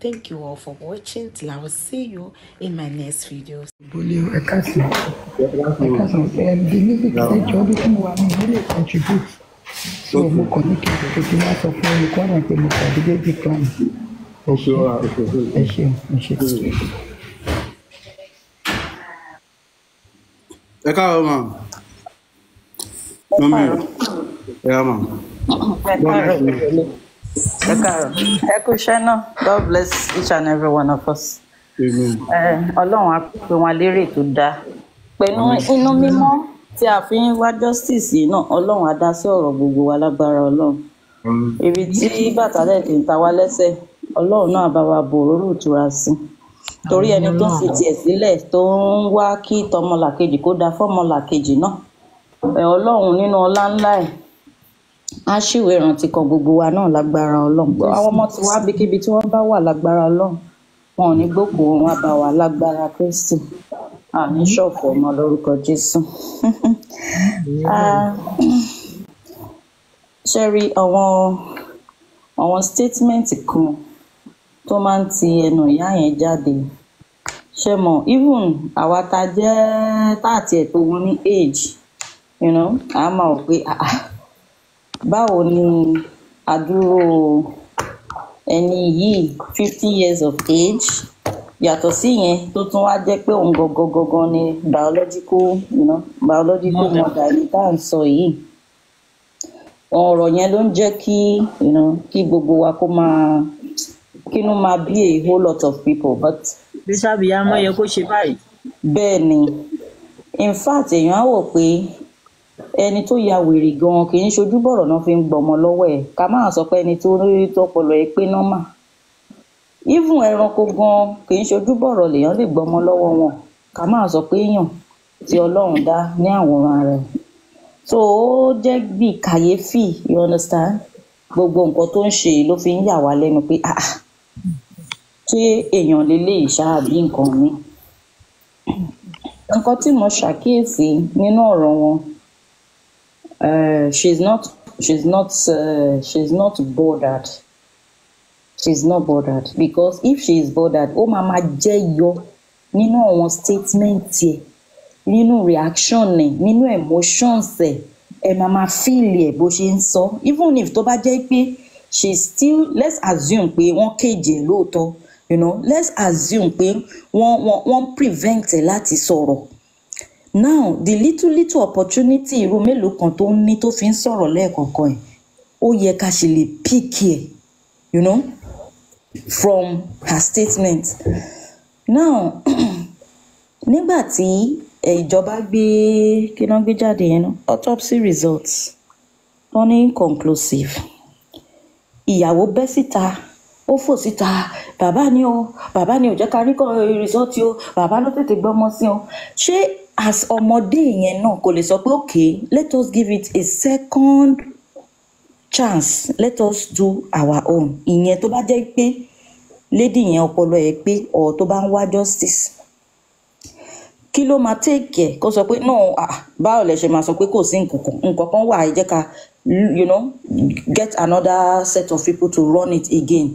Thank you all for watching. Till I will see you in my next video. Bolio Ekaso, Ekaso, the music is a job if you want to really contribute. So mo kàn ní kí n kí n wá sọ fún olùkọ́ náà pé mo kàn déédéé bí plan. Ẹ ṣeun, ẹ ṣeun, ẹ ṣeun. Ẹ káàárọ̀ ẹ káàárọ̀ náà god bless each and every one of us eh, ọlọ́run á pè wọ́n lérè tó dáa pẹ̀lú inú mímọ́ tí a fi ń wá justice yìí náà ọlọ́run á dá sí ọ̀rọ̀ gbogbo wa lágbára ọlọ́run ibi tí bàtà lẹ̀ kì í ta wá lẹ́sẹ̀ ọlọ́run náà bá wa bò rórò ìtura sí torí ẹni tó fi tiẹ̀ sílẹ̀ tó ń wá kí tọmọlàkejì kó da fọmọlàkejì náà eh, ọlọ́run nínú ọlá ńlá ẹ̀ aṣíwèé ìrántí kan gbogbo wa náà lágbára ọlọ́run àwọn ọmọ tí wàá bíkíbi tí wọ́n bá wà lágbára ọlọ́run wọn ò ní gbòkó wọn bá wà lágbára kristi àmì ṣọ̀fù ọmọ lórúkọ jésù ah, ṣe rí àwọn àwọn statement kan tó máa ń ti ẹnu ìyá yẹn jáde ṣe mọ even àwa ta jẹ́ tá àti ẹ̀ tó wọn ní age you know, a máa wò pé ah, ah, báwo ni àdúrò ẹni yìí fifty years of age yàtọ̀ sí yẹn tó tún wá jẹ́ pé òun gangan gangan ni biological you know, biological mother ni tá à ń sọ yìí ọ̀rọ̀ yẹn ló ń jẹ́ kí you know, kí gbogbo wa kó máa kínú máa bí a whole lot of people but. bísàbí àmọ́ yẹ kó ṣe báyìí. bẹ́ẹ̀ ni in fact èèyàn á wò pé ẹni tó ya wèrè gan kì í ṣojú bọ̀rọ̀ náà fi ń gbọmọ lọ́wọ́ ẹ̀ ká máa sọ pé ẹni tó rí tọpọlọ ẹ pé nọ́mà even ẹranko gan kì í ṣojú bọ̀rọ̀ lèèyàn lè gbọmọ lọ́wọ́ wọn ká máa sọ pé èèyàn tí ọlọ́run dá ní àwòrán rẹ̀ so ó jẹ́ bíi kàyéfì you understand gbogbo nǹkan tó ń ṣe ló fi ń yà wá lẹ́nu pé ah, ah ṣé èèyàn lélẹ́yìí ṣáà nǹkan mi nǹkan tí mo ṣàkíyèsí nínú ọ̀rọ̀ wọn Uh, she's not. She's not. Uh, she's not bothered. She's not bothered because if she is bothered, oh mama, máa jẹ́ yọ nínú àwọn statement yẹ nínú reaction ẹ̀ nínú emotions ẹ̀ ẹ̀ máa feel ye, bó ṣe ń so. even if tó bá jẹ́ pé she still let's assume pé wọ́n kéje lóòótọ́ you know let's assume pé won won won prevent ẹ̀ lati sọ̀rọ̀ now the little little opportunity irú mélòó kan tó ń ní tó fi ń sọ̀rọ̀ lẹ́ẹ̀kọ̀ọ̀kan ẹ̀ ó yẹ ká ṣe lè pick ẹ̀ you know from her statement now nígbà tí eh, ìjọba gbé kí náà gbé jáde yẹn náà autopsy results wọ́n ní inconclusive ìyàwó bẹ́ síta ó fò síta bàbá ni o bàbá ni ò jẹ́ ká rí kọ́ result o bàbá ló tètè gbọ́mọ sí o ṣé as ọmọdé yẹn náà kò lè sọ pé okay let us give it a second chance let us do our own ìyẹn tó bá jẹ́ pé lady yẹn ọpọlọ ẹ̀ pé ọ̀ tó bá ń wá justice kí ló máa take kó sọ pé no ah báwo lẹ ṣe máa sọ pé kò sí nǹkan nǹkan wà ẹ jẹ́ ká you know get another set of people to run it again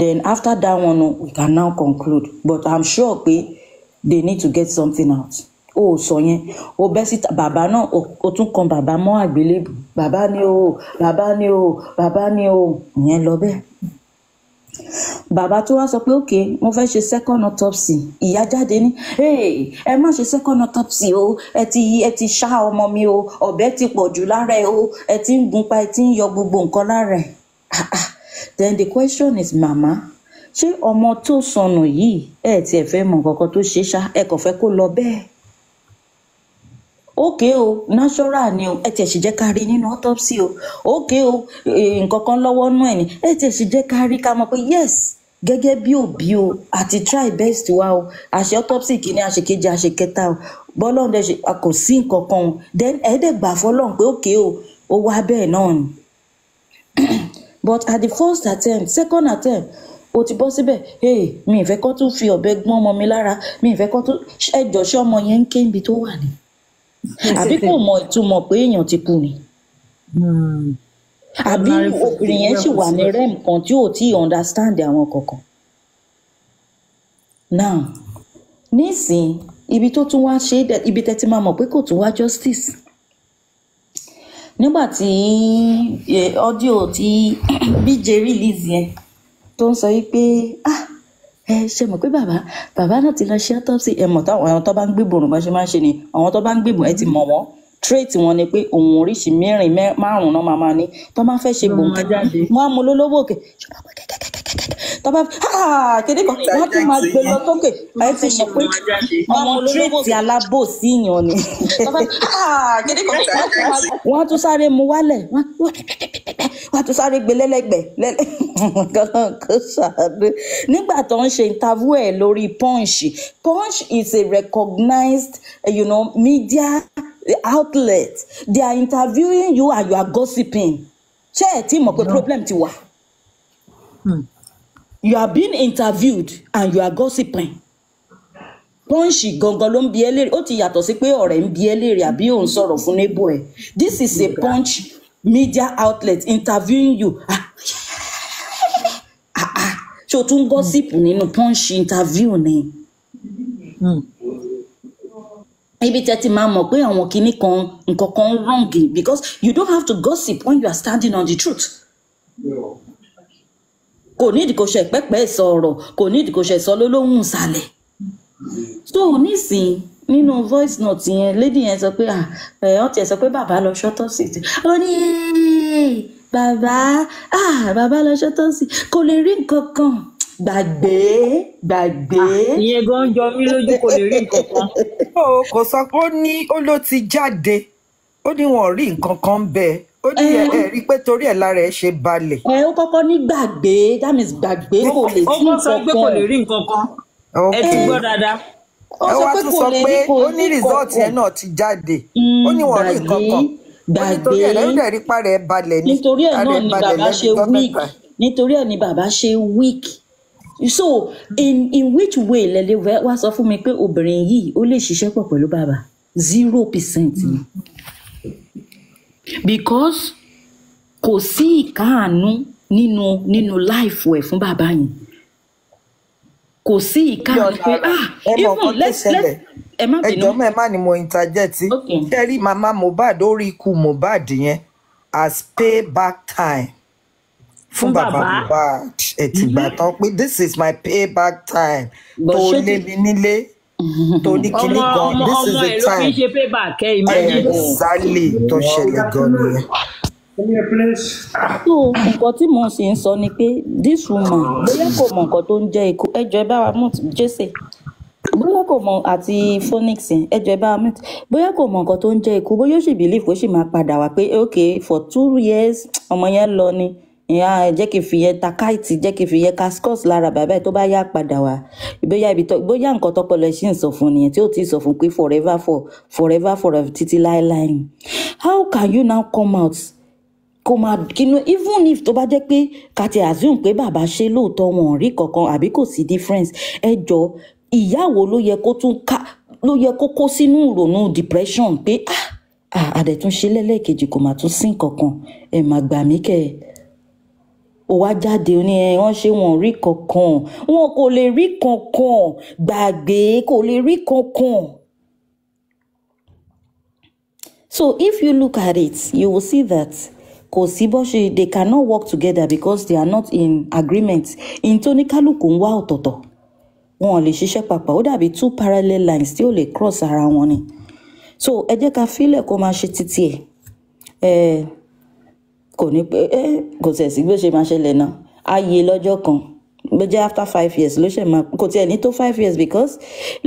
then after that one we can now conclude but i'm sure pé they need to get something out o ò sọ yẹn o bẹ́ síta bàbá náà o tún kan bàbá mọ́ àgbélébù bàbá ni o bàbá ni o bàbá ni o ìyẹn lọ bẹ́ẹ̀ bàbá tó wá sọ pé òkè mo fẹ́ ṣe second autopsy ìyá jáde ní ẹ má ṣe second autopsy o ẹ ti ẹ ti ṣá ọmọ mi o ọ̀bẹ ti pọ̀ jù lára ẹ o ẹ ti ń gunpa ẹ ti ń yọ gbogbo nǹkan lára ẹ ah, ah. then the question is mama ṣé ọmọ tó sọnù yìí ẹ tiẹ̀ fẹ́ mọ nǹkan kan tó ṣe ṣá ẹ kàn fẹ́ kó lọ bẹ́ẹ̀ òkè o natural ni o ẹ tiẹ̀ sì jẹ́ ká rí nínú autopsy o òkè o eh, nǹkan kan lọ́wọ́ nú ẹ̀ ni ẹ tiẹ̀ sì jẹ́ ká rí ká mọ̀ pé yes gẹ́gẹ́ bí òbí o àti try best wa o àṣẹ autopsy kìíní àṣekejì àṣekẹta o bọ́lọ́run dẹ̀ ṣe kò sí nǹkan kan o then ẹ̀ẹ́dẹ̀gbà fọlọ́run pé òkè o ó wá bẹ́ẹ̀ náà ni but at the first attempt second attempt o ti bọ́ síbẹ̀ hey mi ìfẹ́ kọ́ tún fi ọ̀bẹ gbọ́n ọmọ mi lára mi ìfẹ́ kọ́ tún ẹjọ́ ṣé ọmọ yẹn ń ké níbi tó wà ni àbí kò mọ ìtumọ̀ pé èèyàn ti kú ni hmm. àbí obìnrin yẹn sì wà ní rem kan tí ò tí ì understand àwọn kankan now nísìn ibi tó tún wá ṣe é ibi tẹ́ máa mọ̀ pé kò tún wá justice nígbà tí ọ́díò eh, tí BJ release yẹn tó ń sọ yìí pé ah ẹ ṣe mọ̀ pé bàbá bàbá náà ti lọ ṣe autopsy ẹ mọ̀ táwọn àwọn tó bá ń gbébọn òrùn bá ṣe máa ń ṣe ni àwọn tó bá ń gbébọn ẹ ti mọ̀ wọ́n trait wọn ni pé òun oríṣi mẹ́rin márùn-ún náà máa ní tó máa fẹ́ ṣe gbòǹkà wọn á mú òkè ṣùgbọ́n kẹ́kẹ́kẹ́ tó bá kéde kan wọn tún máa gbé lọ sókè ẹ ti mọ̀ pé ọmọ tírètì alábòsí yàn ni kéde kan wọn tún sáré mu wálẹ̀ wọn tún sáré gbé lẹlẹgbẹ nígbà tó ń ṣe interview ẹ lórí punch punch is a recognized eh, you know, media outlet they are interviewing you and you are gossiping ṣé ẹ ti mọ̀ pé problem ti wà. Hmm you are being interviewed and you are gossiping pọ́ǹṣì gangan ló ń bi ẹ́ léèrè ó ti yàtọ̀ sí pé ọ̀rẹ́ ń bi ẹ́ léèrè àbí òun sọ̀rọ̀ fún nébò ẹ̀ this is a punch media outlet interviewing you ah, ah, ah, ṣé o tún gọ́sìpù nínú pọ́ǹṣì interview ni hmm. ibi tẹ́ ti máa mọ̀ pé àwọn kinní kan nǹkan kan wrong because you don't have to gossip when you are standing on the truth. Yeah kò ní ìdíkò ṣe pẹ́pẹ́ sọ ọ̀rọ̀ kò ní ìdíkò ṣe sọ lólóhùn ìsàlẹ̀ so nísìnyí nínú voice note yẹn lady yẹn sọ pé ah ẹ eh, ọ tiẹ̀ sọ pé bàbá lọ ṣọ́tọ̀ sí ti ó ní bàbá ah bàbá lọ ṣọ́tọ̀ sí kò lè rí nǹkan kan gbàgbé gbàgbé. Ah, ìyẹn gan jọ mí lójú kò lè rí nǹkan kan. ó oh, kò sọ pé ó ní ó ló ti jáde ó ní wọn ò rí nǹkan kan bẹ́ẹ̀ ó ní ẹ i pé torí ẹ̀ lára ẹ̀ ṣe balẹ̀. ẹ ó kọ́kọ́ ní gbàgbé that means gbàgbé kò lè rí nǹkan kan. ó kọ́ sọ pé kò lè rí nǹkan kan ẹ ti gbọ́ dáadáa. ó sọ pé kò lè rí kò ó ní result yẹn náà ti jáde hmm, ó ní wọ́n rí nǹkan kan gbàgbé nítorí ẹ̀ náà ní bàbá ṣe weak nítorí ẹ̀ ní bàbá ṣe weak so in in which way lẹ́lẹ́ wá sọ fún mi pé obìnrin yìí ó lè ṣiṣẹ́ pọ̀ pẹ̀lú bàbá zero percent ni. Mm -hmm because kò sí ìkáàánú nínú nínú láìfò ẹ̀ fún bàbá yìí kò sí ìkáàánú pé ah even let's let's ẹ má bínú ẹjọ́ mẹ́ẹ̀ má ni mo interject kẹ́rí màmá Mohbad ó rí ikú Mohbad yẹn as payback time fún bàbá Mohbad ẹ̀tìgbà mm-hmm. tán pé this is my payback time tó lé mi nílé torí kìíní gan this is the time ọmọ ẹ ló fi ṣe payback ẹ imagine. Eh, exactly tó ṣẹlẹ̀ gan ni. so nǹkan tí mo sì ń sọ ni pé this woman bóyá kò mọ nǹkan tó ń jẹ́ ikú ẹjọ́ ẹ bá wa mú jésè bóyá kò mọ àti phoenix ẹjọ́ ẹ bá wa mú bóyá kò mọ nǹkan tó ń jẹ́ ikú bóyá ó sì believe kó sì máa padà wá pé okay for two years ọmọ yẹn lọ ni ìyá jẹ́ kí n fi yẹn ta káìtì jẹ́ kí n fi yẹn ka scott lára bàbá ẹ̀ tó bá yá padà wá bóyá ibi tó bóyá nǹkan tọ́pọ̀ lọ ṣì sọ fún nìyẹn tí ó ti sọ fún pé forever for forever forever títí láéláé how can you now come out kò máa kinu even if tó bá jẹ́ pé kàti assume pé bàbá ṣe lóòótọ́ wọn rí kankan àbí kò sí difference ẹ jọ ìyá wo ló yẹ kó tún ká ló yẹ kó kó sínú ìrònú depression pé ah àdẹ̀túnṣe ah, lẹ́lẹ́kejì kò máa tún sí kankan ẹ máa gbà mí kẹ́ ẹ ó wá jáde ní ẹ ṣe wọ́n rí kankan wọn kò lè rí kankan gbàgbé kò lè rí kankan. So if you look at it, you will see that Kosiboshi, they cannot work together because they are not in agreement. In Tony Kaluku ń wá ọ̀tọ̀ọ̀tọ̀. Wọn ò lè ṣiṣẹ́ papọ̀, ó dàbí two parallel lines tí ó lè cross ara wọn ni. So ẹ jẹ́ ká fílẹ̀ kó máa ṣe títí ẹ̀ kò ní pé ẹ kò tẹ̀ sí bí ó ṣe máa ṣẹlẹ̀ náà á lọ́jọ́ kan bó jẹ́ after five years ló ṣe máa kò tiẹ̀ ní tó five years because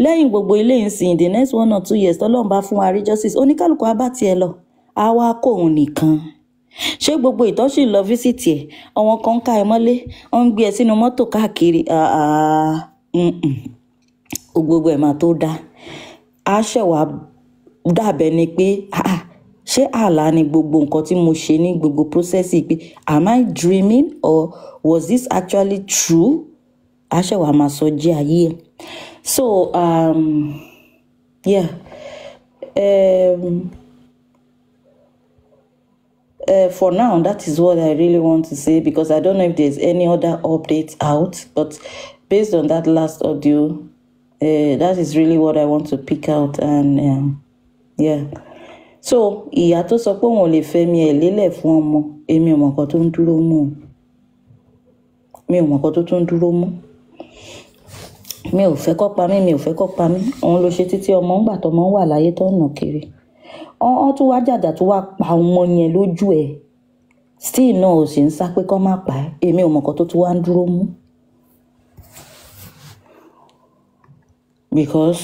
lẹ́yìn gbogbo ilé ìsìn the next one or two years tọ́lọ́run bá fún wa rí justice oníkálukú á bá tiẹ̀ lọ á wá kó òun nìkan ṣé gbogbo ìtọ́sí lọ fíṣítì ẹ̀ àwọn kan ń ká ẹ mọ́lé wọ́n ń gbé ẹ sínú mọ́tò káàkiri ah, ah, gbogbo ẹ̀ máa tó dáa á ṣẹ̀wá dàbẹ̀ ni pé ah, ṣé àlá ni gbogbo nǹkan tí mo ṣe ní gbogbo process pé am I dreaming or was this actually true àṣẹwà máa sọ jẹ́ ayé ẹ̀ so um, yeah um, Uh, for now, that is what I really want to say because I don't know if there's any other updates out, but based on that last audio, uh, that is really what I want to pick out. And um, yeah so ìyá tó sọ pé òun ò lè fẹmi ẹ̀ lélẹ̀ fún ọmọ èmi ò mọ nǹkan tó ń dúró mú o mi ò mọ nǹkan tó tún dúró mú mi ò fẹ́ kó pa mí mi ò fẹ́ kó pa mí òun ló ṣe títí ọmọ ńgbà tọmọ wà láyé tó ń nà kiri ọ́n tún wá jàjà tó wá pa ọmọ yẹn lójú ẹ̀ still náà ò sì ń sá pé kó má pa ẹ́ èmi ò mọ nǹkan tó tún wá ń dúró mú because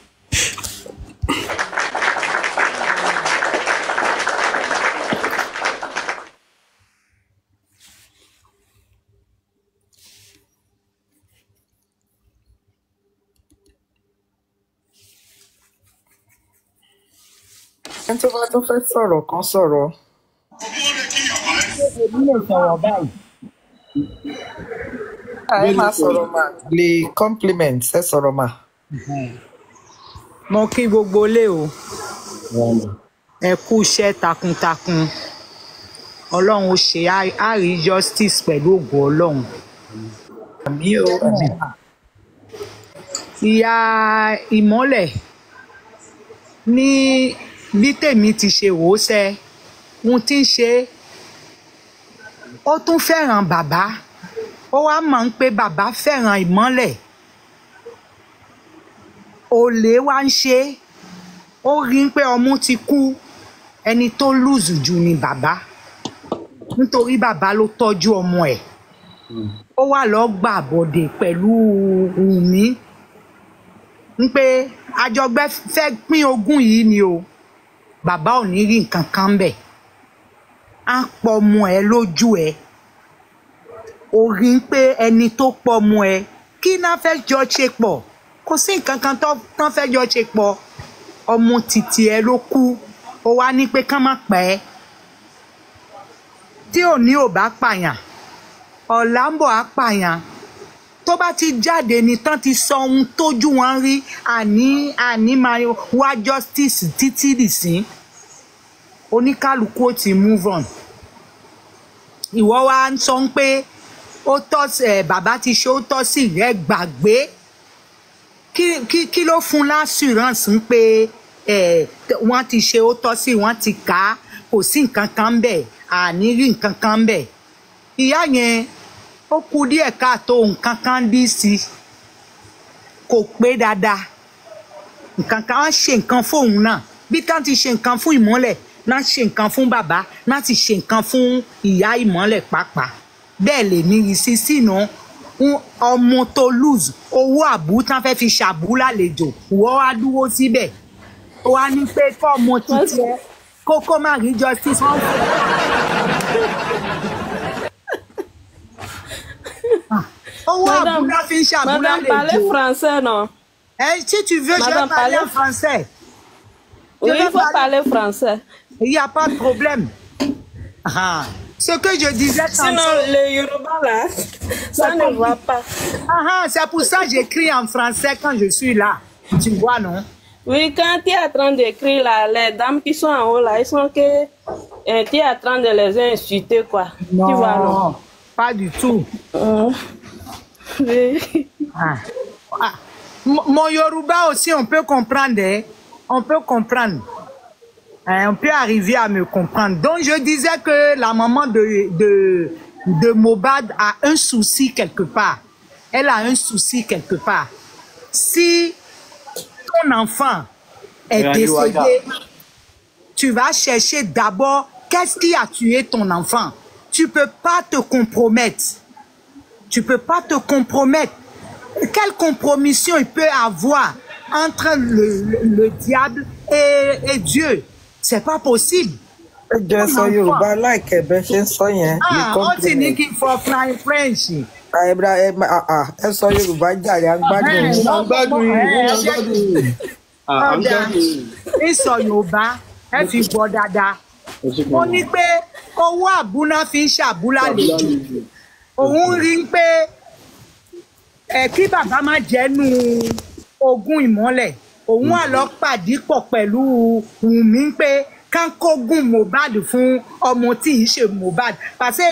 tó bá tún fẹ́ sọ̀rọ̀ kan sọ̀rọ̀. èmi lè sọ̀rọ̀ báyìí. ẹ máa sọ̀rọ̀ mà lè compliment ẹ sọ̀rọ̀ mà. mo kí gbogbo lé o ẹ kú iṣẹ́ takuntakun ọlọ́run ṣe àárí justice pẹ̀lú ògo ọlọ́run. àmì o àmì ìyá ìmọ́lẹ̀ ní bí tèmi ti ṣe wò ó ṣe ohun tí ń ṣe ó tún fẹ́ràn bàbá ó wá mọ̀ ń pé bàbá fẹ́ràn ìmọ́lẹ̀ olè wá ń ṣe ó rí pé ọmú ti kú ẹni tó lùzù jù ni bàbá nítorí bàbá ló tọ́jú ọmọ ẹ̀ ó wà lọ́ọ́ gbà bọ̀dẹ̀ pẹ̀lú Wùmí ń pé àjọgbẹ́ fẹ́ pín ogún yìí ni o. Mm bàbá ò ní rí nǹkan kan ń bẹ̀ á pọ̀ ọmọ ẹ lójú ẹ òrí ń pé ẹni tó pọ̀ ọmọ ẹ kí náà fẹ́ jọ ṣe pọ̀ kò sí nǹkan kan tán fẹ́ jọ ṣe pọ̀ ọmọ títí ẹ ló kú ó wá ní pé kán má pẹ́ ẹ́ tí òní ò bá pààyàn ọ̀la á pààyàn tó bá ti jáde ní tán ti sọ ohun tójú wọn rí àní àní máa wá justice títí dìsín oníkálukú ó ti move on ìwọ wa ń sọ pé ó tọ́ ẹ̀ bàbá ti ṣe ó tọ́ sí ẹ gbàgbé kí kí kí ló fún l'assurance ń pé ẹ̀ wọ́n ti ṣe ó tọ́ sí wọ́n ti kà á kò sí nǹkan kan ń àní rí nǹkan kan ń ìyá yẹn ó kù díẹ̀ káàtó nǹkan kan dí sí i kò pé dáadáa nǹkan kan á ṣe nǹkan fóun náà bí tán ti ṣe nǹkan fún ìmọ́lẹ̀ náà ṣe nǹkan fún bàbá náà ti ṣe nǹkan fún ìyá ìmọ́lẹ̀ pàápàá bẹ́ẹ̀ lè ní ìṣísí ọmọ tó lose owó àbú tán fẹ́ fi ṣàbú lálejò wọ́n á dúró síbẹ̀ wọ́n á ní pé fọ́ọ̀mù títí ẹ kókó má rí justice Oh, madame, français, non eh, Si tu veux, je vais parler en français. Oui, il faut parler... français. Il n'y a pas de problème. Ah, ah. Ce que je disais Sinon, le Yoruba, là, ça ne voit pas. Ah, ah, c'est pour ça que j'écris en français quand je suis là. Tu vois, non Oui, quand tu es en train d'écrire, là, les dames qui sont en haut, là, ils sont que... Euh, tu es en train de les inciter. quoi. Non, tu vois, non Pas du tout. Hein? Ah. Mon Yoruba aussi, on peut comprendre. Hein. On peut comprendre. Hein, on peut arriver à me comprendre. Donc, je disais que la maman de, de, de Mobad a un souci quelque part. Elle a un souci quelque part. Si ton enfant est décédé, tu vas chercher d'abord qu'est-ce qui a tué ton enfant. Tu ne peux pas te compromettre. Tu peux pas te compromettre. Quelle compromission il peut avoir entre le, diable et, et Dieu C'est pas possible. Bah, ben, ah, òun rí i pé ẹ kí bàbá má jẹ́nu ogún ìmọ́lẹ̀ òun àlọ́ pàdé pọ̀ pẹ̀lú Wùmí pé kánkógún Mohbad fún ọmọ tí ì ṣe Mohbad pàṣẹ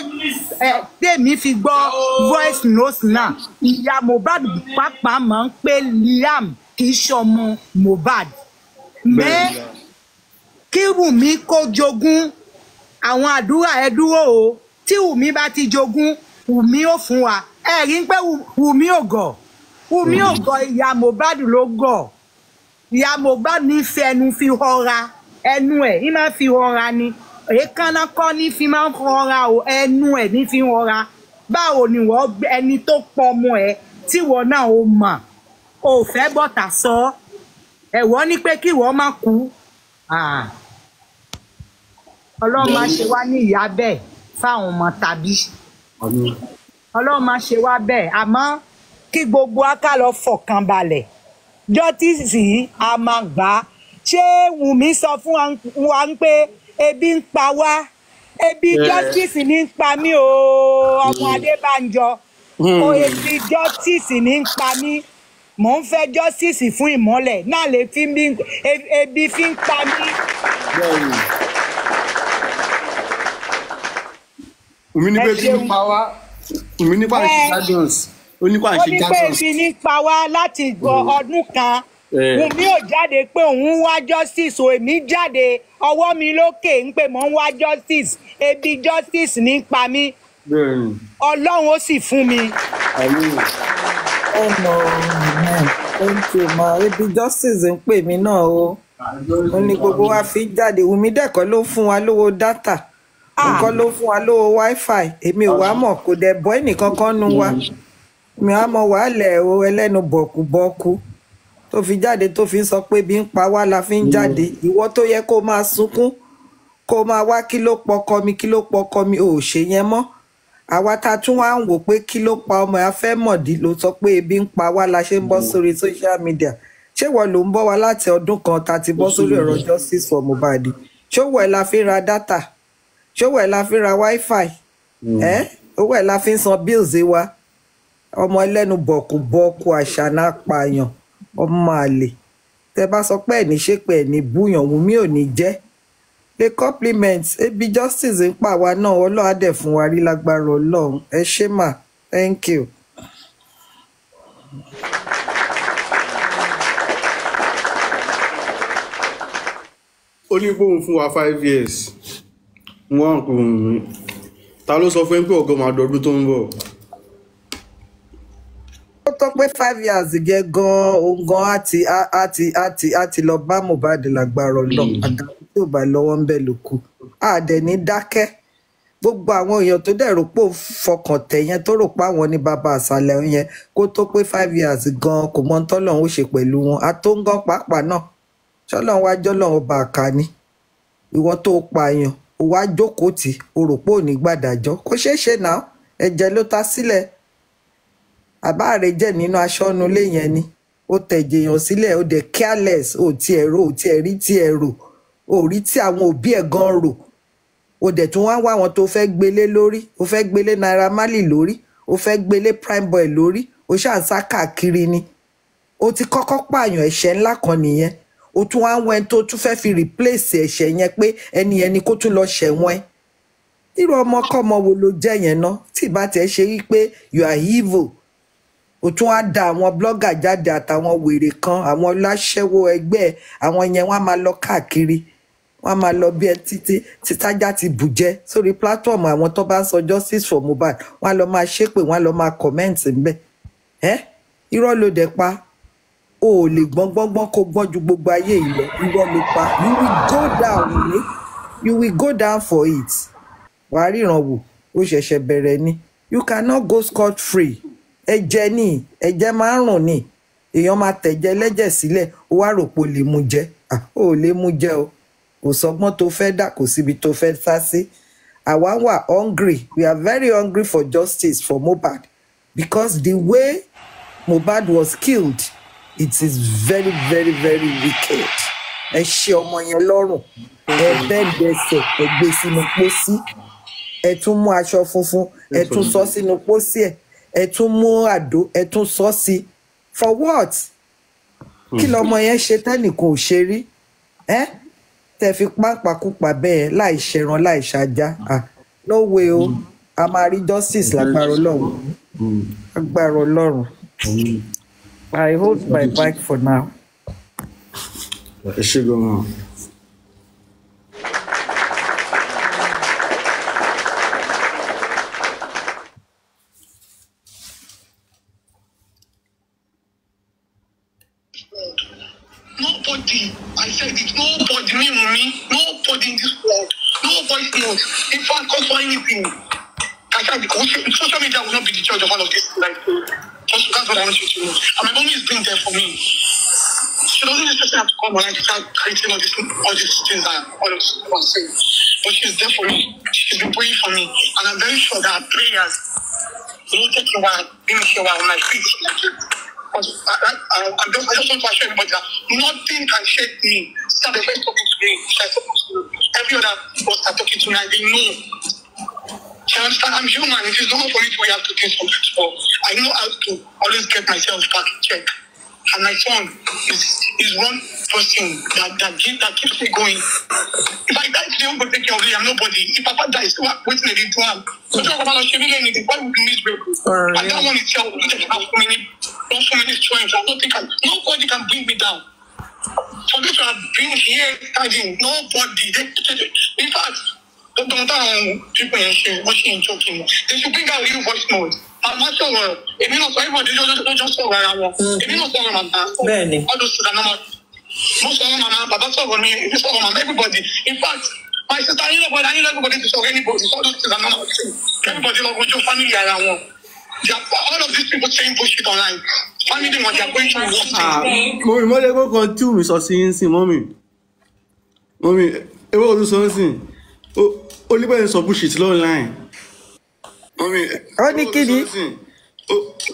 ẹ tèmi fi gbọ́ voice note náà ìyá Mohbad pàápàá máa ń pè Liam kì í ṣọmọ Mohbad mẹ kí Wùmí kó jogún àwọn àdúrà ẹ dúró o tí Wùmí bá ti jogún wùmí ò fún wa ẹ rí i pé wùmí ò gọ̀ wùmí ò gọ̀ ìyá Mohbad ló gọ̀ ìyá Mohbad ní fi ẹnu fi họra ẹnu ẹ̀ ní máa fi họra ni èékánná kọ́ ní fi máa ń họra o ẹnu ẹ̀ ní fi họra báwo ni wọ́n ẹni tó pọ̀ ọmọ ẹ̀ tí wọ́n náà ò mọ̀ ò fẹ́ bọ̀tà sọ ẹ̀wọ́ ní pé kí wọ́n má kú ọlọ́run á ṣe wá ní ìyá bẹ́ẹ̀ fáwọn ọmọ tàbí ọlọ́run máa ṣe wá bẹ́ẹ̀ àmọ́ kí gbogbo aká lọ fọkàn balẹ̀ jọ́tíìsì a máa gbà á ṣé wùmí sọ fún wa pé ebi ń pa wá ebi justice ní ń pa mí o ọmọ mm. adébánjọ mm. o ebi justice ní ń pa mí mò ń fẹ́ justice fún ìmọ́lẹ̀ náà lè fi ebi fi ń pa mí. omi ní pé kí n pa wá omi nípa ń ṣe jadons ó nípa ń ṣe jadons. ó ní pé kí n pa wá láti gbọ́ mm. ọdún kan Wùmí ò jáde pé òun wá justice o èmi jáde ọwọ́ mi lókè ń pè mọ́ ń wá justice ebi justice ní pa mí ọlọ́run ó sì fún mi. ọmọ thank you ma ebi justice ń pè mí náà o ó ní gbogbo wa fi jáde Wùmí dẹ́kọ̀ ló fún wa lówó dátà. Ah. nǹkan ló fún wa lówó wifi èmi ò wá ah. mọ̀ kò dẹ̀ bọ́ ẹnìkan kan nu wa mm. mi á mọ wàhálẹ̀ o ẹlẹ́nu bọ̀kúbọ̀kú tó fi jáde tó fi sọ pé bí ń pa wá la fi ń mm. jáde ìwọ tó yẹ kó máa sunkún kó máa wá kí ló pọkọ mi kí ló pọkọ mi ò ṣe yẹn mọ́ àwa ta tún wá ń wò pé kí ló pa ọmọ afẹ́mọ̀dí ló sọ pé ebi ń pa wá la ṣe ń bọ́ mm. sórí social media ṣé wọ́n ló ń bọ́ wa láti ọdún kan ta ti bọ́ sórí ọ̀rọ̀ justice for Mohbad ṣé wọ́n la fi ra dátà ṣówó ẹ̀ la fi ra wifi hmm. ẹ̀ owó ẹ̀ la fi ń san bills e wa ọmọ ẹlẹ́nu bọ̀kùbọ̀kù àṣànà pààyàn ọmọ àlè tẹ bá sọ pé ẹni ṣépè ẹni búyàn Wùmí ò ní jẹ́ the compliment ebi justice ń pa àwa náà ọlọ́run á dẹ̀ fún wa rí lágbára ọlọ́run ẹ ṣé mà thank you. ó ní bóun fún wa five years wọ́n kò mí ta ló sọ fún ẹ pé ọ̀gá máa dọdún tó ń bọ̀. ó tọ́ pé five years gẹ gan-an òun gan-an á ti á ti á ti á ti lọ bá Mohbad lágbára Ọlọ́run àdàkùn tó bá lọ́wọ́ ń bẹ̀ ló kù àdẹ̀ ní dákẹ́ gbogbo àwọn èèyàn tó dẹ̀ rò pé fọkàn tẹ̀ yẹn tó rò pé àwọn ní bàbá àṣàlẹ̀ yẹn kó tó pé five years gan kò mọ tọ́lọ́hún ó ṣe pẹ̀lú wọn àtó pàápàá náà ṣọlọ́hún wájọ́ lọ́hún ọba àká ni ìwọ tó pààyàn ó wá jókòó tì ó rò pé òní gbàdájọ́ kó ṣeé ṣe náà ẹ̀jẹ̀ ló ta sílẹ̀ àbá rẹ̀ jẹ́ nínú aṣọ ọ̀nù ilé yẹn ni ó tẹ̀jẹ̀ èèyàn sílẹ̀ ó dẹ̀ careless o ti ẹ̀ rò o ti ẹ̀ rí ti ẹ̀ rò ó rí ti àwọn òbí ẹ̀ gan rò ó dẹ̀ tún wá wá àwọn tó fẹ́ gbélé lórí ó fẹ́ gbélé Naira Marley lórí ó fẹ́ gbélé Primeboy lórí ó ṣàǹsá káàkiri ni ó ti kọ́kọ́ pààyàn ẹ̀ṣẹ̀ ńlá kan nìyẹn o tún wá ń wẹ́n tó tún fẹ́ fi replace ẹ̀ṣẹ̀ yẹn pé ẹni ẹni kó tún lọ ṣẹ̀wọ̀n ẹ̀ irú ọmọkọ́mọ wo ló jẹ́ yẹn ná tí ìbá tẹ̀ ṣe rí pé you are evil o tún wá da àwọn blogger jáde àtàwọn wèrè kan àwọn láṣẹ́wó ẹgbẹ́ àwọn yẹn wọ́n á máa lọ káàkiri wọ́n á máa lọ bí ẹ títí títájá ti bùjẹ sórí platform àwọn tó bá ń sọ justice for Mohbad wọ́n á lọ máa ṣépè wọ́n á lọ máa comment ńbẹ̀ ẹ irọ́ ló dẹ̀ pa o ò lè gbọ́ngbọ́ngbọ́n kó gbọ́n ju gbogbo ayé yìí lọ irọ́ ló pa you will go down you will go down for it wàá ríran wò ó ṣẹ̀ṣẹ̀ bẹ̀rẹ̀ ni you cannot go scot free ẹ̀jẹ̀ ni ẹ̀jẹ̀ máa ń rùn ni èèyàn máa tẹ̀jẹ̀ lẹ́jẹ̀ sílẹ̀ ó wá rò pé o lè mú jẹ ó lè mú jẹ o kò sọgbọ́n tó fẹ́ dà kò síbi tó fẹ́ sá sí àwa wà hungry we are very hungry for justice for Mohbad because the way Mohbad was killed it is very very very wicked ẹ ṣe ọmọ yẹn lọ́rùn ẹ bẹ́ẹ̀ dẹsẹ̀ ẹ gbé sínú pósí ẹ tún mú aṣọ funfun ẹ tún sọ sínú pósí ẹ ẹ tún mú àdó ẹ tún sọ sí for what kí hmm. lọmọ yẹn ṣe tẹnìkan ò ṣe rí ẹ tẹ fi pápákúpa bẹ́ẹ̀ láì ṣẹran láì ṣajá no way o a máa rí justice lágbára Ọlọ́run hmm. lágbára Ọlọ́run. Hmm. I hold my bike for now. it go on. Nobody, I said it, nobody, me, me, nobody in this world, nobody knows. If I call for anything, I can't be because social media will not be the judge of all of this. Like, just, that's what I want you to know. And my mommy is being there for me. She doesn't necessarily have to come online to start creating all, this, all these things that all of us are saying. But she's there for me. She's been praying for me. And I'm very sure that prayers will take a while, being sure on my feet. Because I, I, I, I, just, want to assure everybody that nothing can shake me. Start the first talking to me. Every other was talking to me. they know. Do you understand? I'm human. It is normal for me to react to things from people. I know how to always get myself back in check. And my son is, is one person that, that, keep, that keeps me going. If I die today, who will take care of me? I'm nobody. If Papa dies, wait till they do one. So talk about not sharing anything. Why would be miserable? Or, and yeah. that one itself, there's have so many, not so many strengths. I don't think I, nobody can bring me down. so this one have been here studying, nobody. They, they, they, in fact, gbogbo táwọn pípọ̀ yẹn ṣe wọ́n ṣe ń jókè mọ́ they should bring out new voice mode màmá sọ̀rọ̀ èmi náà sọ everybody lójó sọ̀rọ̀ ara wọn mm-hmm. èmi náà sọ̀rọ̀ màmá ọdún sùdà náà mo sọ̀rọ̀ màmá bàbá sọ̀rọ̀ mi èmi sọ̀rọ̀ màmá everybody in fact my sister ayé lọ́gbọ̀dá ayé lọ́gbọ̀dá ti sọ̀rọ̀ anybody sọ̀rọ̀ sùdà náà everybody lọ́gbọ̀dá ojú family ara wọn all of these people saying bullshit online family wọn they are going through worse things. Ah. mo rí mọ́lẹ́gbọ́n kan tí ò mi sọ sí ń sìn mọ́mì mọ́mì ewé olúbẹ̀rẹ̀ sọ bullshit online. ó ní kí ni.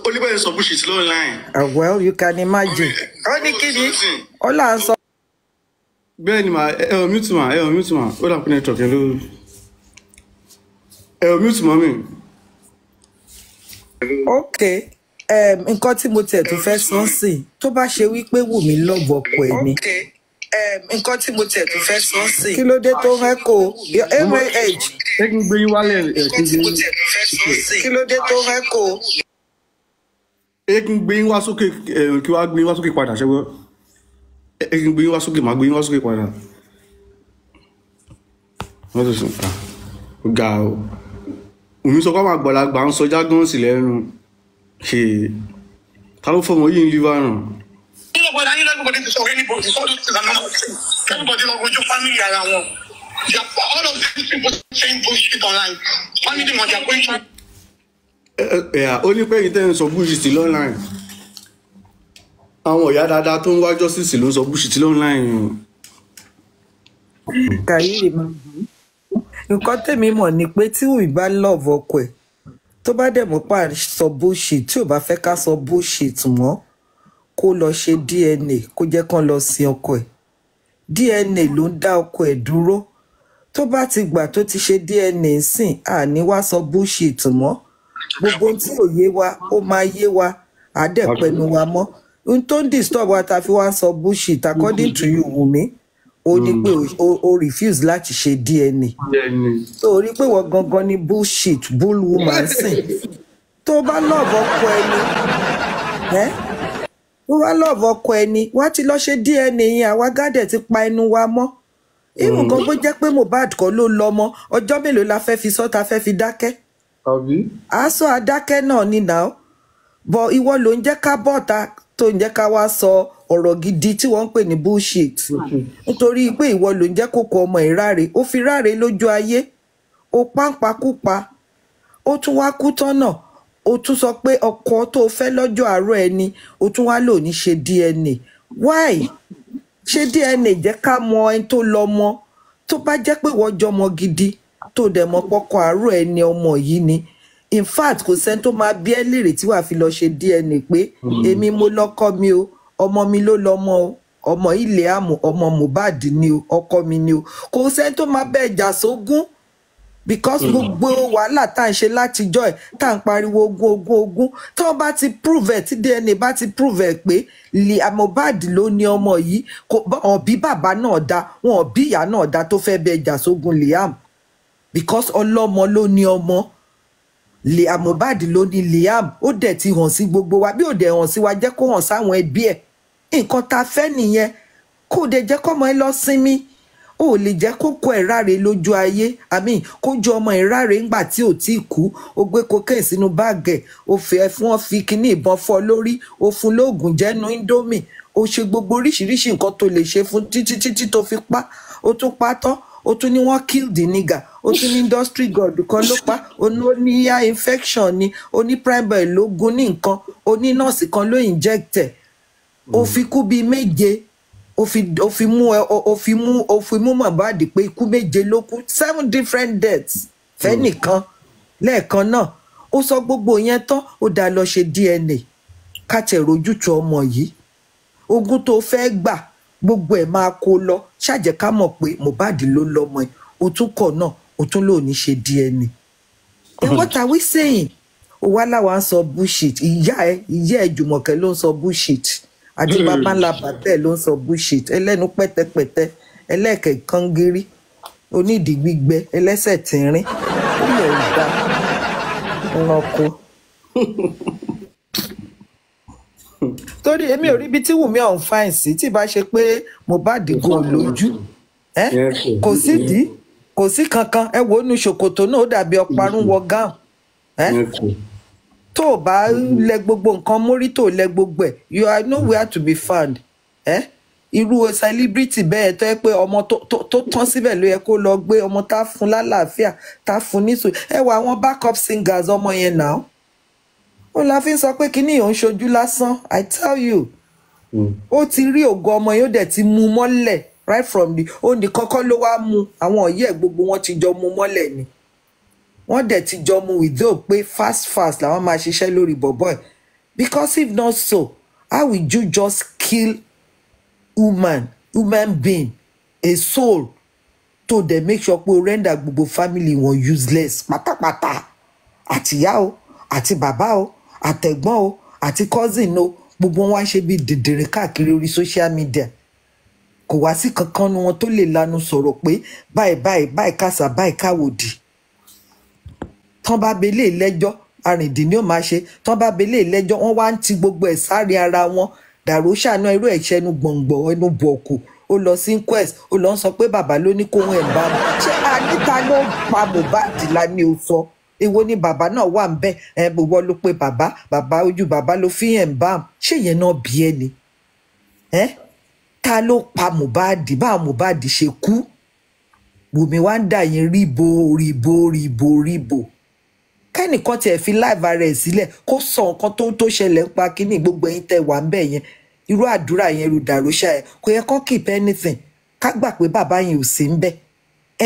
olúbẹ̀rẹ̀ sọ bullshit online. Ah, well you can imagine. ó ní kí ni. ó là ń sọ. bẹ́ẹ̀ ni màá ẹ ọ̀ mute màá ẹ ọ̀ mute màá ó dà pé network ẹ ló ẹ ọ̀ mute màá mi. ok nǹkan tí mo tẹ̀ tó fẹ́ sọ sí tó bá ṣe wípé Wùmí lọ́bọ̀ ọkọ ẹ̀ ni. Okay. Um, nǹkan tí mo tẹ̀ tó fẹ́ sọ sí. kí ló dé tó fẹ́ kó ewé age. ṣé kí n gbé yín wálé ẹ̀ kí n gbé yín. kí ló dé tó fẹ́ kó. ṣé kí n gbé yín wá sókè kí wá gbé yín wá sókè padà ṣé wọ́n ṣé kí n gbé yín wá sókè má gbé yín wá sókè padà. wọ́n ti sùn ká ah, ó ga o òun sọ pé àgbàlagbà ń sọ jágọ́nsì lẹ́nu ṣe ta ló fọmọ yìí ń lé bá ràn. kí ló padà yín everybody ti sọ̀rọ̀ anybody so this is another thing everybody lọ rojú family ara wọn they are all of these people saying bullshit online family wọn they are going through. ó ní pé ìtẹ́yìn bullshit online àwọn ọ̀yá dáadáa tó ń wá justice ló ń sọ bullshit online. kàyéèrè máa nǹkan tèmi mọ̀ ni pé tí wùí bá lọ́ọ̀bù ọkọ̀ ẹ̀ tó bá dẹ̀ mọ́ pàṣẹ sọ bullshit tí ò bá fẹ́ ká sọ bullshit mọ́ kó lọ ṣe DNA kó jẹ́ kán lọ sin ọkọ ẹ̀ DNA ló ń dá ọkọ ẹ̀ dúró tó bá ti gbà tó ti ṣe DNA sìn àní wá sọ bullshit mọ́ gbogbo tí ò yé wa ó máa yé wa àdẹ̀pẹ̀nu wa mọ́ n tó ń disturb wa ta fi wá sọ bullshit according to you Wunmi o ní pé o refuse láti ṣe DNA tó o rí pé wọ́n gangan ni bullshit bull woman sìn tó bá lọ́ọ̀bù ọkọ ẹni. wọ́n wá lọ́ọ̀bù ọkọ ẹni wá tí lọ́ọ́ ṣe dna yẹn àwa gádẹ̀ ti pa ẹnu wa mọ́ ìmù mm. kan bó jẹ́ pé Mohbad kọ́ ló mọ́ ọjọ́ mélòó la fẹ́ẹ́ fi sọ́ta fẹ́ẹ́ fi dákẹ́ àásọ adákẹ́ náà ni nà ó bọ̀ ìwọ ló ń jẹ́ ká bọ́ta tó ń jẹ́ ká wá sọ ọ̀rọ̀ gidi tí wọ́n ń pè ní bullshit nítorí pé ìwọ ló ń jẹ́ kókó ọmọ ìráre ó fi ráre lójú ayé ó páńpákúpa ó tún wá kú tán náà o tún sọ pé ọkọ tó fẹ́ lọ́jọ́ àárọ̀ ẹni o tún wá lò ní ṣe DNA why ṣe DNA jẹ́ ká mọ ẹni tó lọ mọ tó bá jẹ́ pé wọ́n jọmọ gidi tó dẹ̀ mọ pọkọ àárọ̀ ẹni ọmọ yìí ni in fact kò sẹ́ni tó máa bí ẹ́ lèrè tí wàá fi lọ ṣe DNA pé hmm. èmi mo lọ́kọ mi o ọmọ mi ló lọ́mọ o ọmọ ilé àmọ́ ọmọ Mohbad ni o ọkọ mi ni o kò sẹ́ni tó máa bẹ́ẹ̀ jà sógún. So because hmm. gbogbo wàhálà tá à ń ṣe látijọ́ ẹ̀ tá à ń pariwo ogun ogun ogun tó bá ti prove ẹ̀ tí DNA bá ti prove ẹ̀ pé li Mohbad ló ní ọmọ yìí kò ọ̀bí bàbá náà da wọn ọ̀bí ìyá náà da tó fẹ́ bẹ ìjà sógun Liam because ọlọ́mọ ló ní ọmọ Liam Mohbad ló ní Liam ó dẹ̀ ti hàn sí gbogbo wa bí ó dẹ̀ hàn sí wa jẹ́ kó hàn sáwọn ẹbí ẹ̀ nǹkan tá a fẹ́ nìyẹn kó o dẹ̀ jẹ́ kọ́mọ ẹ lọ sinmi ò lè jẹ́ kó kó ẹ̀ ráre lójú ayé àmì kó jọ ọmọ ẹ̀ ráre ńgbà tí ò tí ì kú ó gbé cocaine sínú báàgì ẹ̀ ó fẹ́ fún wọn fi kíní ìbọn fọ́ lórí ó fún lóògùn jẹ́nu indomie ó ṣe gbogbo oríṣiríṣi nǹkan tó lè ṣe fún títí títí tó fi pa ó tún pa tán ó tún ní wọ́n kill the nigger ó tún ní industry god kan ló pa ó ní yá infection ni ó ní prime boy ló gún ní nǹkan ó ní nọ́ọ̀sì kan ló inject ó fi kú bíi méje ó fi ó fi mú ó fi mú ó fi mú Mohbad pé ikú méje ló kú seven different deaths fẹ́nìkan hmm. lẹ́ẹ̀kan náà ó sọ gbogbo yẹn tán ó dá lọ ṣe DNA kàtẹ̀rójútu ọmọ yìí ogún tó fẹ́ gbà gbogbo ẹ̀ máa kó lọ ṣàjẹ́ ká mọ̀ pé Mohbad ló lọ́mọ ẹ̀ ó tún kọ̀ náà ó tún lò ní ṣe DNA. ẹ what are we saying? ó wá láwa ń sọ bullshit ìyá ẹ ìyá ẹ Jùmọ̀kẹ́ ló ń sọ bullshit àti bàbá ńlá bàtẹ́ ló ń sọ bullshit ẹlẹ́nu pẹ́tẹ́pẹ́tẹ́ ẹlẹ́ẹ̀kẹ́ kangiri onídìí gbígbẹ ẹlẹ́sẹ̀ tínrín ilẹ̀ ìgbà ẹranko. torí èmi ò rí ibi tí Wùmí ọ̀hún fáìn sí tí bá ṣe pé Mohbad kò lójú kò sídìí kò sí kankan ẹ wo inú ṣòkòtò náà ó dàbí ọparun mm-hmm. wọ gáùn tó o bá lẹ gbogbo nǹkan mórí tó o lẹ gbogbo ẹ̀ you are nowhere to be found eh? irú celebrity bẹ́ẹ̀ tó yẹ pé ọmọ tó tán síbẹ̀ ló yẹ kó lọ gbé ọmọ tá a fún lálàáfíà tá a fún nísù ẹ wà àwọn backup singers ọmọ yẹn náà ó la fi ń sọ pé kínní òun ṣojú lásán i tell you hmm. ó ti rí ògo ọmọ yóò dẹ̀ ti mú mọ́lẹ̀ right from the ó ní kọ́kọ́ ló wá mú àwọn ọ̀yẹ́ gbogbo wọn ti jọ mú mọ́lẹ̀ ni wọ́n dẹ̀ ti jọ mu wìdó pé fast fast làwọn máa ṣiṣẹ́ lórí bọ̀bọ̀ ẹ̀ because if not so how will you just kill human, human being a soul to dey make sure pé o render gbogbo family wọn useless pátápátá àtìyá o àti bàbá o àtẹ̀gbọ́n o àti cousin o gbogbo wọn wá ṣe bí dìndìnrín de káàkiri orí social media kò wá sí kankan nu wọn tó lè lanu sọ̀rọ̀ pé báyìí báyìí báyìí kàṣà báyìí káwòdì. Ka tán bá belé lẹ́jọ́ arìndín ni ó máa ṣe tán bá belé lẹ́jọ́ wọ́n wá ń ti gbogbo ẹ̀ sáré ara wọn dàrúṣà náà irú ẹ̀ṣẹ̀ ẹnu gbọ̀ngbọ̀n ẹnu bọ̀ọ̀kù ó lọ sí inquest ó lọ sọ pé bàbá ló ní kóhun ẹ̀ bá mu ṣé anita ló pa Mohbad lami ò sọ èwo ni bàbá náà wà ń bẹ ẹ gbogbo ló pe bàbá bàbá ojú bàbá ló fi ẹ̀ ń bá mu ṣé ìyẹn náà bí ẹ ni ẹ ta ló pa Mohbad bá Mohbad ṣe kú Wùmí wá ń dà yín ríbo ríbo ríbo ríbo. ríbo kẹ́nìkan tiẹ̀ fi láìva rẹ̀ sílẹ̀ kó sọ nǹkan tó ń tó ṣẹlẹ̀ ń pa kíní gbogbo ẹ̀yin tẹ́ wà ń bẹ̀ yẹn irú àdúrà yẹn ru dàrúṣà ẹ̀ kò yẹ kán keep anything ká gbà pé bàbá yẹn ò sí ń bẹ̀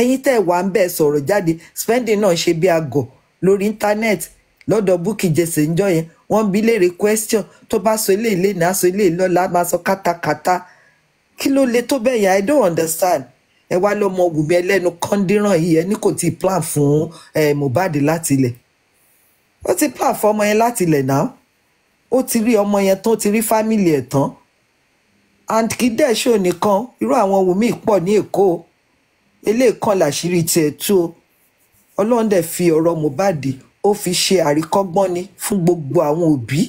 ẹ̀yin tẹ́ wà ń bẹ̀ sọ̀rọ̀ jáde spending náà ṣe bí àgọ̀ lórí íńtánẹ́ẹ̀tì lọ́dọ̀ búkì jẹsẹ̀ ńjọ́ yẹn wọ́n bí léèrè question tó bá sọ eléyìí lé ní aṣọ eléyìí lọ́la máa sọ kátakátá kí ló le tó bẹ́ẹ̀ yẹn i don't understand ẹ wá lọ́mọ wùmí ẹlẹ́nu kọ́ndíràn yìí ẹ ní kò tí ì plan fún eh, Mohbad láti ó ti plan fọmọ yẹn láti ilẹ̀ náà ó ti rí ọmọ yẹn tán ó ti rí fámìlì ẹ̀ tán and kì í dẹ̀ ṣó nìkan irú àwọn wùmí pọ̀ ní èkó eléèkan làṣírí tiẹ̀ tú o ọlọ́run dẹ̀ fi ọ̀rọ̀ Mohbad ó fi ṣe àríkọ́gbọ́n ni fún gbogbo àwọn òbí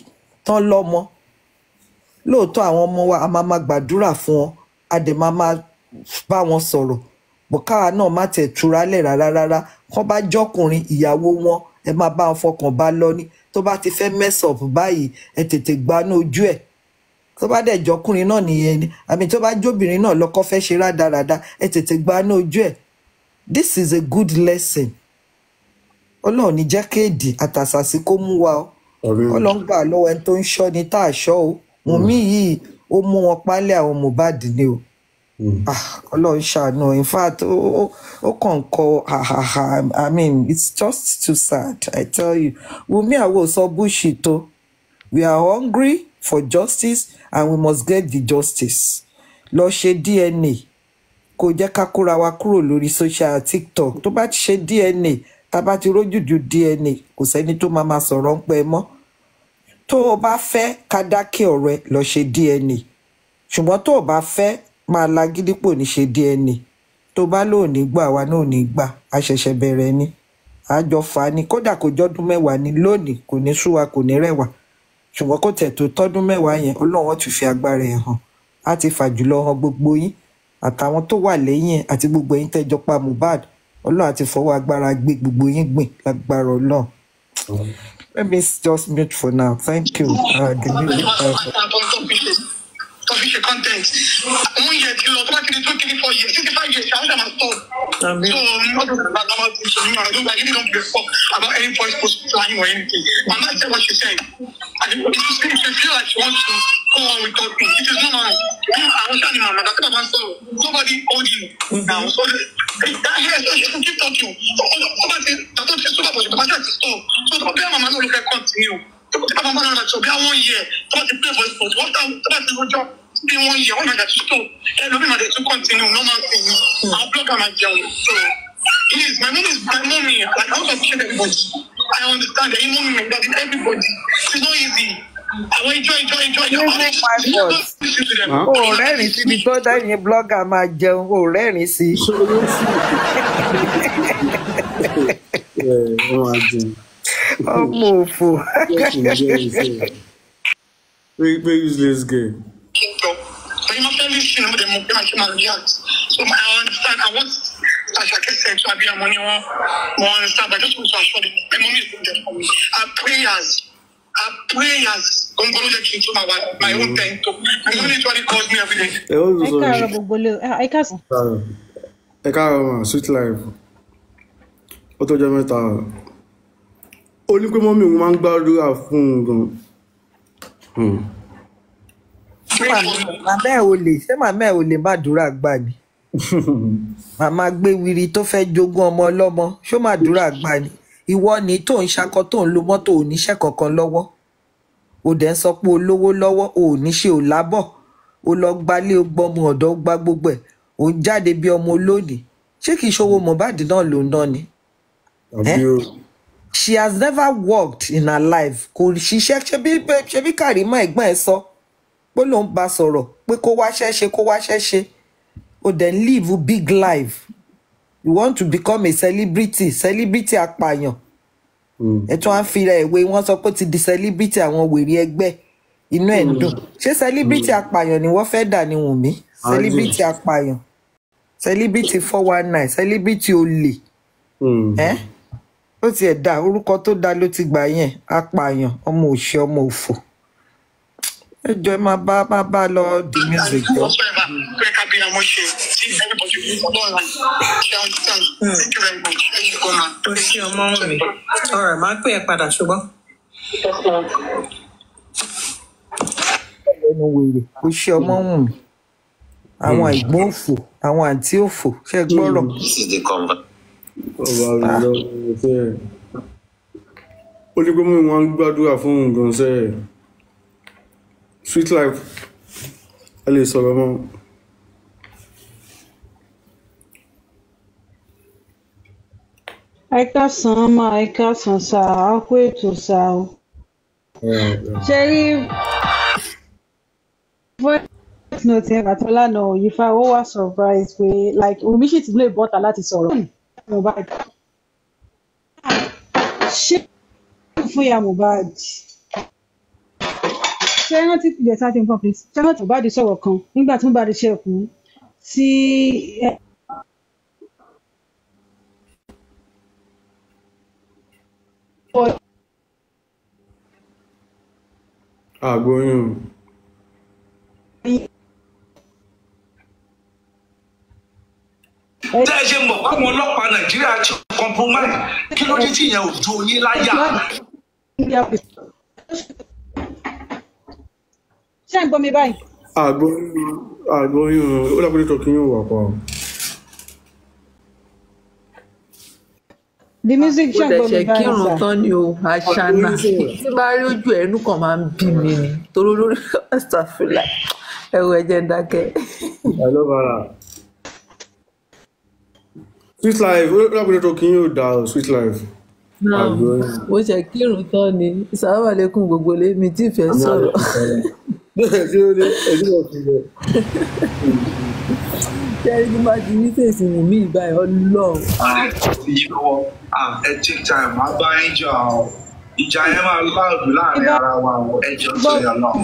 tán lọ́mọ lóòótọ́ àwọn ọmọ wa a máa máa gbàdúrà fún wọn a dẹ̀ máa máa bá wọn sọ̀rọ̀ bọ̀káwa náà má tẹ̀ túralẹ̀ rárá rárá kán bá jọ́kùnrin ìyàwó wọn ẹ máa bá wọn fọkàn bá lọ ní tó bá ti fẹ́ mess báyìí ẹ tètè gbaná ojú ẹ̀ tó bá dẹ̀ jọkùnrin náà nìyẹn ni àmì tó bá jóbìnrin náà lọ́kọ́ fẹ́ ṣe rádaràda ẹ tètè gbaná ojú ẹ̀ this is a good lesson ọlọ́run ní jẹ́ kéèdì àtàsàsí kó mú wa ọ́ ọlọ́run gbà lọ́wọ́ ẹni tó ń ṣọ́ ni tá a ṣọ́ o mùmí yìí ó mú wọn pálẹ̀ àwọn Mohbad ni o. Mm. Ah, ọlọ́run ṣàánú in fact ó kàn kọ i mean it's just too sad i tell you Wunmi àwọn sọ bullshit we are hungry for justice and we must get the justice lọ ṣe DNA kò jẹ́ ká kóra wa kúrò lórí social tiktok tó bá ti ṣe DNA tá a bá ti rójú ju DNA kò sẹ́ni tó máa máa sọ̀rọ̀ ń pẹ́ mọ́ tó o bá fẹ́ ká dákẹ́ ọ̀rọ̀ lọ ṣe DNA ṣùgbọ́n tó o bá fẹ́ máa la ní ṣe DNA tó bá lóò ní gbà wá náà ní gbà á ṣẹ̀ṣẹ̀ bẹ̀rẹ̀ ni àjọ fa ni kódà kò jọ́dún mẹ́wàá ni lónìí kò ní súwa kò ní rẹ̀wà ṣùgbọ́n kó tẹ̀ tó tọ́dún mẹ́wàá yẹn ọlọ́run ti fi agbára ẹ̀ hàn á ti fà jùlọ hàn gbogbo yín àtàwọn tó wà lẹ́yìn àti gbogbo yín tẹ́jọ pa Mohbad ọlọ́run àti fọwọ́ agbára gbé gbogbo yín gbìn lágbára ọlọ́run. Let me just mute for now. Thank you. uh, tó fi ṣe content one year ti lọ tó two three four years sixty five years àwọn ṣàmà stop so ọdún ìgbà náà ti ṣe nínú àdúgbò I don't give a fuck about any voice post planning or anything my mind said what she said and if she feel like she wants to go on with talking it is normal àwọn ṣàní màmá dàtí bàbá sọ̀rọ̀ nobody hold you now mm-hmm. so eh, that hair so she keep talking so ọba ti dàtọ̀ ti sọ́kà bọ̀ ṣùgbọ́n ṣáà ti stop so tó bẹ́ẹ̀ màmá náà ló fẹ́ continue tó bá bá bá náà rà ṣọ̀ bí i one year tó bá ti play voice post wọ́n tà tó bá ti rojọ́ bí wọ́n yẹ wọ́n máa dà tún tó ẹlòmíì máa dà tún kọ́ntínú normal thing àwọn blogger máa jẹun so please my mom is my mommy i don't appreciate everybody i understand that even me that is everybody it's not easy àwọn ìjọ ìjọ ìjọ ìjọ o rẹ́rìn síbi tó dẹ́yìn blọ́gà máa jẹun o rẹ́rìn sí. ọmọ òfò. very useless game kí n gbọ́ torí wọ́n fẹ́ rí sínú react so I understand I want Asake said to Abiyamo ni wọ́n wọ́n understand but just to assure them my mom is good there for me our prayers our prayers gbogbo jẹ́ kí n my own time mm. to my mom literally ẹ káàárọ̀ ma sweet life ó tó mẹ́ta ó ní pé mọ́mí òun máa ń gbàdúrà fún un gan hmm màmá ẹ ò lè má dúrà gbà ni màmá gbéwiri tó fẹ́ jogún ọmọ ọlọ́mọ ṣó má dúrà gbà ni ìwọ ni tó ń ṣakọ tó ń lo mọ́tò oníṣẹ́ kankan lọ́wọ́ ò dẹ̀ ń sọ pé olówó lọ́wọ́ ò níṣẹ́ ò lábọ̀ ó lọ gbalé gbọmọ ọ̀dọ́ gba gbogbo ẹ̀ ò ń jáde bí ọmọ olóòdì ṣé kìí ṣòwò Mohbad náà ló ń ná ni. she has never worked in her life kò ṣiṣẹ́ ṣebí ṣebí Karima ẹ̀gbọ́n ẹ̀ sọ. So pé ló ń bá sọ̀rọ̀ pé kó wáṣẹ́ ṣe kó wáṣẹ́ ṣe o dẹ̀ live big life you want to become a celebrity celebrity apààyàn hmm. ẹ̀tún á fi ra ìwé wọn sọ pé ti di celebrity àwọn wèrè ẹgbẹ́ inú ẹ̀ ń hmm. dùn ṣé celebrity hmm. apààyàn ni wọ́n fẹ́ dà ní Wùnmí celebrity apààyàn celebrity four one nine celebrity olè ẹ́ ó tiẹ̀ dá orúkọ tó dá ló ti gbà yẹn apààyàn ọmọ òṣì ọmọ òfò ẹ jọ ẹ máa bá máa bá lọ the music jọ. o ṣe ọmọ ń rè ọ̀rọ̀ máa pè é padà ṣùgbọ́n. o ṣe ọmọ ń rè àwọn ẹ̀gbọ́n òfò àwọn àǹtí òfò ṣe gbọ́rọ̀. ó ní pé mo ń gbàdúrà fún òun sẹ́yìn sweet life ẹ lè sọ̀rọ̀ mọ́. ẹ káàsán ọmọ ẹ káàsán sá a kó ètò I told ṣé rí voice note yẹn kàtó lánàá we ó wà surprise pé like omi sì ti lè bọ́ta láti sọ̀rọ̀ Mohbad ṣé fún ya Mohbad ṣé rántí ìjẹta ti ń pọ̀ pé ṣé rántí Mohbad sọ̀rọ̀ kan nígbà tí Mohbad ṣe kú sí àgbóyún. tẹ́ ẹ ṣe mọ̀ báwọn ọlọ́pàá Nàìjíríà ti compromise kí ló dé tí ìyẹn ò jó yín láyà ṣé ń gbọ́ mi báyìí. àgbo àgbo yín ó dàbí tó kí yín wà pa. the music ṣe ń gbọ́ mi báyìí sá. ó dẹ̀ ṣe kírun tán ni o aṣáná tí bá rí ojú ẹnu kan máa ń bí mi ni torí lórí ọ̀sàfìlà ẹ̀wọ̀ ẹ̀jẹ̀ ń dákẹ́. ẹ ló bára sweet life ó dàbí tó kí yín ó dà o sweet life mo ṣe kírun tán ni sàlámù aláìkùm gbogbo lèmi tí ìfẹ́ sọ̀rọ̀. Kẹ́rí tó bá ti ní fèsì wù mí ìgbà ẹ̀ ọlọ́run. Àìkò ẹ take time, máa bá yín jà ọ́. Ìjà yẹn máa láàbù láàrin ara wa ọ̀ ẹ̀jọ̀ tó yà náà.